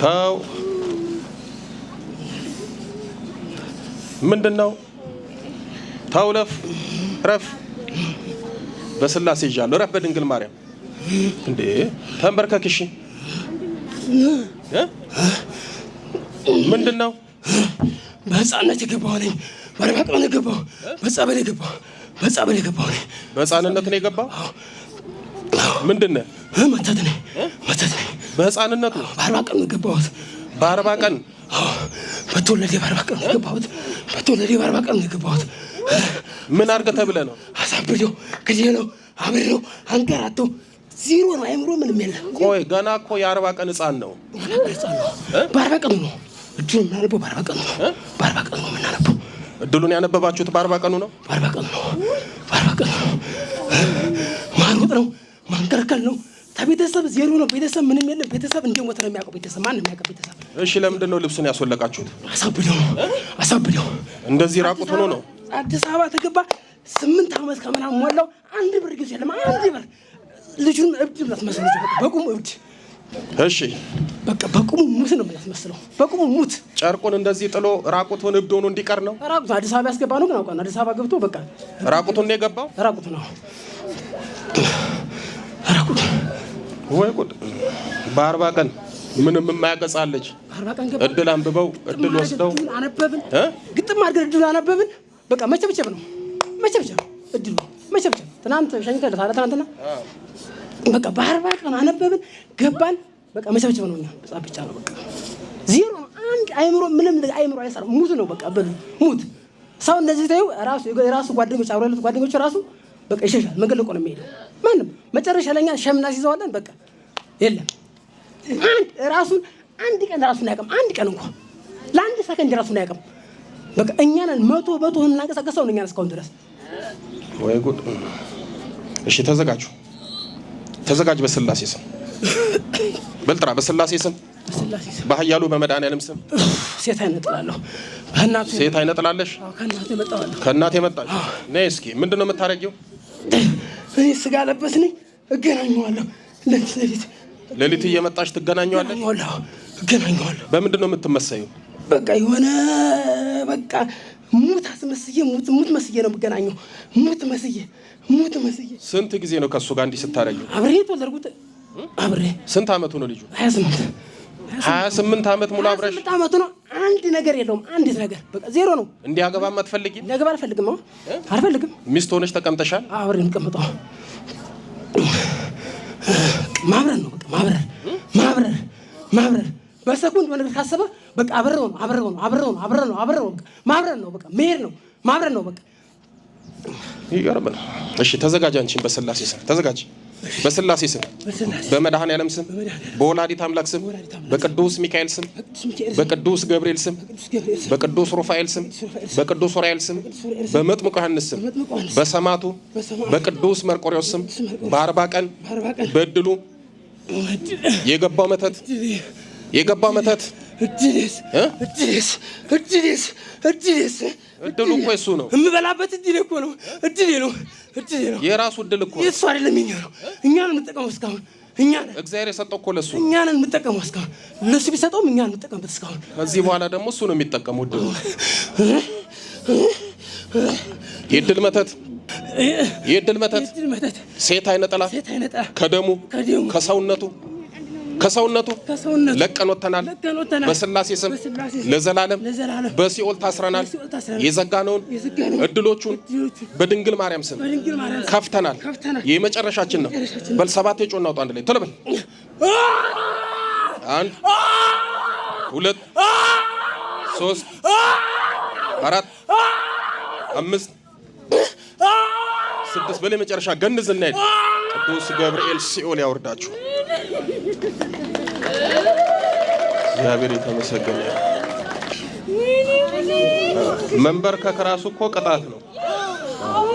ተው ምንድን ነው ተው ለፍ ረፍ በስላሴ ይዣለሁ። እረፍ በድንግል ማርያም እንዴ ተንበርከክሽ። ምንድን ነው? በህፃንነት የገባሁ ነኝ። በረባቅ ነው የገባሁ። በጸበል የገባሁ በጸበል የገባሁ ነኝ። በህፃንነት ነው የገባሁ። ምንድን ነህ? መተት ነኝ። መተት ነኝ። በህፃንነት ነው። በአርባ ቀን ነው የገባሁት። በአርባ ቀን በተወለደ በአርባ ቀን ነው የገባሁት። በተወለደ በአርባ ቀን ነው የገባሁት። ምን አድርገህ ተብለህ ነው? አብዶ ግዴሎ አብዶ አንቀራቶ ዜሮ ነው። አይምሮ ምንም የለም። ቆይ ገና እኮ የአርባ ቀን ህፃን ነው። በአርባ ቀኑ ነው እድሉን የምናነበው። በአርባ ቀኑ ነው። በአርባ ቀኑ ነው የምናነበው። እድሉን ያነበባችሁት በአርባ ቀኑ ነው። በአርባ ቀኑ ነው። በአርባ ቀኑ ነው። ማሮጥ ነው፣ ማንከርከል ነው። ከቤተሰብ ዜሮ ነው። ቤተሰብ ምንም የለም። ቤተሰብ እንደሞተ ነው የሚያውቀው። ቤተሰብ ማንም የሚያውቀው ቤተሰብ። እሺ፣ ለምንድን ነው ልብሱን ያስወለቃችሁት? አሳብደው አሳብደው። እንደዚህ ራቁት ሆኖ ነው አዲስ አበባ ተገባ። ስምንት ዓመት ከምናምን ሞላው። አንድ ብር ጊዜ ለማ አንድ ብር ልጁን እብድ ምናስመስል በቁሙ እብድ። እሺ በቃ በቁሙ ሙት ነው የምናስመስለው። በቁሙ ሙት ጨርቁን እንደዚህ ጥሎ ራቁቱን እብድ ሆኖ እንዲቀር ነው። ራቁቱን አዲስ አበባ ያስገባ ነው። ግን አውቃለሁ አዲስ አበባ ገብቶ በቃ ራቁቱን ነው የገባው። ራቁቱን ነው ራቁቱን። ወይ ጉድ! በአርባ ቀን ምንም የማያገጻለች እድል አንብበው እድል ወስደው አነበብን፣ ግጥም አድርገን እድል አነበብን። በቃ መቸብቸብ ነው መቸብቸብ እድሉ መቸብቸብ። ትናንት ሸኝተህ ለታለ ትናንትና በቃ በአርባ ቀን አነበብን ገባን። በቃ መቸብቸብ ነው። እኛ በጻፍ ብቻ ነው በቃ ዜሮ አንድ አይምሮ ምንም አይምሮ አይሰራም። ሙት ነው በቃ በሉ ሙት። ሰው እንደዚህ ታዩ ራሱ የራሱ ጓደኞች አብሮ ያሉት ጓደኞች ራሱ በቃ ይሸሻል። መንገድ ነው የሚሄደው ማንም። መጨረሻ ለኛ ሸምና ሲይዘዋለን በቃ የለም ራሱን አንድ ቀን ራሱን አያውቅም። አንድ ቀን እንኳን ለአንድ ሰከንድ ራሱን አያውቅም። በቃ እኛን ነን መቶ መቶ የምናንቀሳቀሰው ነው። እኛን እስካሁን ድረስ። ወይ ጉድ! እሺ ተዘጋጁ፣ ተዘጋጅ። በስላሴ ስም በልጥራ፣ በስላሴ ስም በኃያሉ በመድኃኒዓለም ስም ሴት አይነጥላለሁ። ሴት አይነጥላለሽ። ከእናት የመጣች ነይ። እስኪ ምንድን ነው የምታረጊው? እኔ ስጋ ለበስ ነኝ፣ እገናኘዋለሁ። ሌሊት ሌሊት እየመጣሽ ትገናኘዋለሽ። እገናኘዋለሁ። በምንድን ነው የምትመሰየው? በቃ የሆነ በቃ ሙት አስመስዬ ሙት ሙት መስዬ ነው የምገናኘው። ሙት መስዬ ሙት መስዬ። ስንት ጊዜ ነው ከሱ ጋር እንዲህ ስታደርጊው? አብሬ የተወለድኩት አብሬ። ስንት አመቱ ነው ልጁ? 28 28 አመት ሙሉ አብረሽ? 28 አመቱ ነው። አንድ ነገር የለውም። አንድ ነገር በቃ ዜሮ ነው። እንዲያገባም አትፈልጊም? እንዲያገባ አልፈልግም። አልፈልግም። ሚስት ሆነሽ ተቀምጠሻል? አብሬ እንቀምጠው ማብረር ነው በቃ ማብረር ማብረር ማብረር በሰኩንድ ወንድ ካሰበ በቃ አበረው ነው አበረው ነው አበረው ነው አበረው ነው አበረው ነው ማብረን ነው በቃ መሄድ ነው ማብረን ነው በቃ ይገርማል። እሺ ተዘጋጅ፣ አንቺን በስላሴ ስም ተዘጋጅ። በስላሴ ስም በመድኃኔ ዓለም ስም በወላዲት አምላክ ስም በቅዱስ ሚካኤል ስም በቅዱስ ገብርኤል ስም በቅዱስ ሩፋኤል ስም በቅዱስ ኡራኤል ስም በመጥምቁ ዮሐንስ ስም በሰማቱ በቅዱስ መርቆሬዎስ ስም በአርባ ቀን በእድሉ የገባው መተት የገባ መተት እድሌስ እድሌስ እድሌስ እድሌስ እድሉ እኮ እሱ ነው የምበላበት እድሌ እኮ ነው። እድሌ ነው እድሌ ነው የራሱ እድል እኮ እሱ አይደለም። የኛ ነው። እኛ ነን የምንጠቀመው እስካሁን እኛ ነን እግዚአብሔር የሰጠው እኮ ለእሱ እኛ ነን የምንጠቀመው እስካሁን ለእሱ ቢሰጠውም እኛ ነን የምንጠቀምበት እስካሁን። ከዚህ በኋላ ደግሞ እሱ ነው የሚጠቀመው እድሉ የድል መተት የድል መተት ሴት አይነጠላ ከደሙ ከሰውነቱ ከሰውነቱ ለቀን ወጥተናል። በስላሴ ስም ለዘላለም በሲኦል ታስረናል። የዘጋነውን እድሎቹን በድንግል ማርያም ስም ከፍተናል። የመጨረሻችን ነው። በል ሰባት የጮ ውጡ አንድ ላይ ቶሎ በል። አንድ ሁለት ሶስት አራት አምስት ስድስት በላይ መጨረሻ ገንዝ እናሄድ። ቅዱስ ገብርኤል ሲኦል ያወርዳችሁ። እግዚአብሔር የተመሰገነ። መንበርከክ ራሱ እኮ ቅጣት ነው።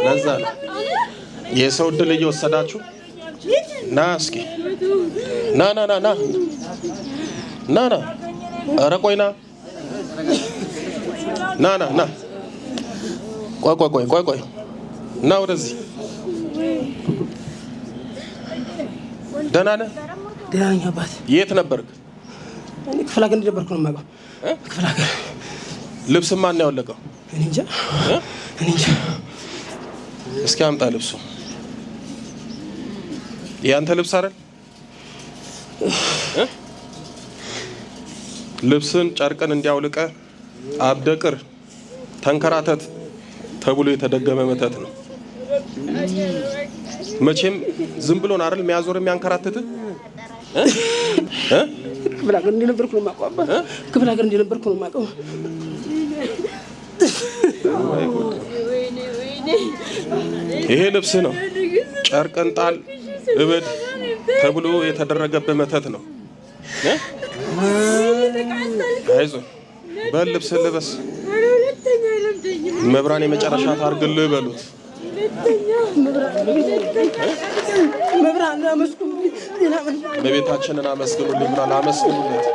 ለዛ ነው የሰው እድል እየወሰዳችሁ ና እስኪ ና ና ና ና ና ና ኧረ ቆይ ና ና ና ና ቆይ ቆይ ቆይ ቆይ ቆይ ና ወደዚህ ደህና ነህ? ግራኝ አባት የት ነበርክ? እኔ ክፍለ ሀገር እንደነበርኩ ነው የማውቀው። ክፍለ ሀገር ልብስ ማን ነው ያወለቀው? እኔ እንጃ እኔ እንጃ። እስኪ አምጣ ልብሱ። ያንተ ልብስ አይደል? ልብስን ጨርቅን እንዲያውልቀ አብደቅር ተንከራተት ተብሎ የተደገመ መተት ነው። መቼም ዝም ብሎን አይደል የሚያዞር የሚያንከራትት ክፍለ ሀገር እንደነበርኩ ነው የማውቀው። አባ ክፍለ ሀገር እንደነበርኩ ነው የማውቀው። ይሄ ነው። ጨርቅን ጣል እብድ ተብሎ የተደረገብህ መተት ነው። አይዞህ በል ልበስ። መብራን የመጨረሻ ታርግልህ በሉት። መብራን እመቤታችንን አመስግኑልኝ ብሏል። አመስግኑለት።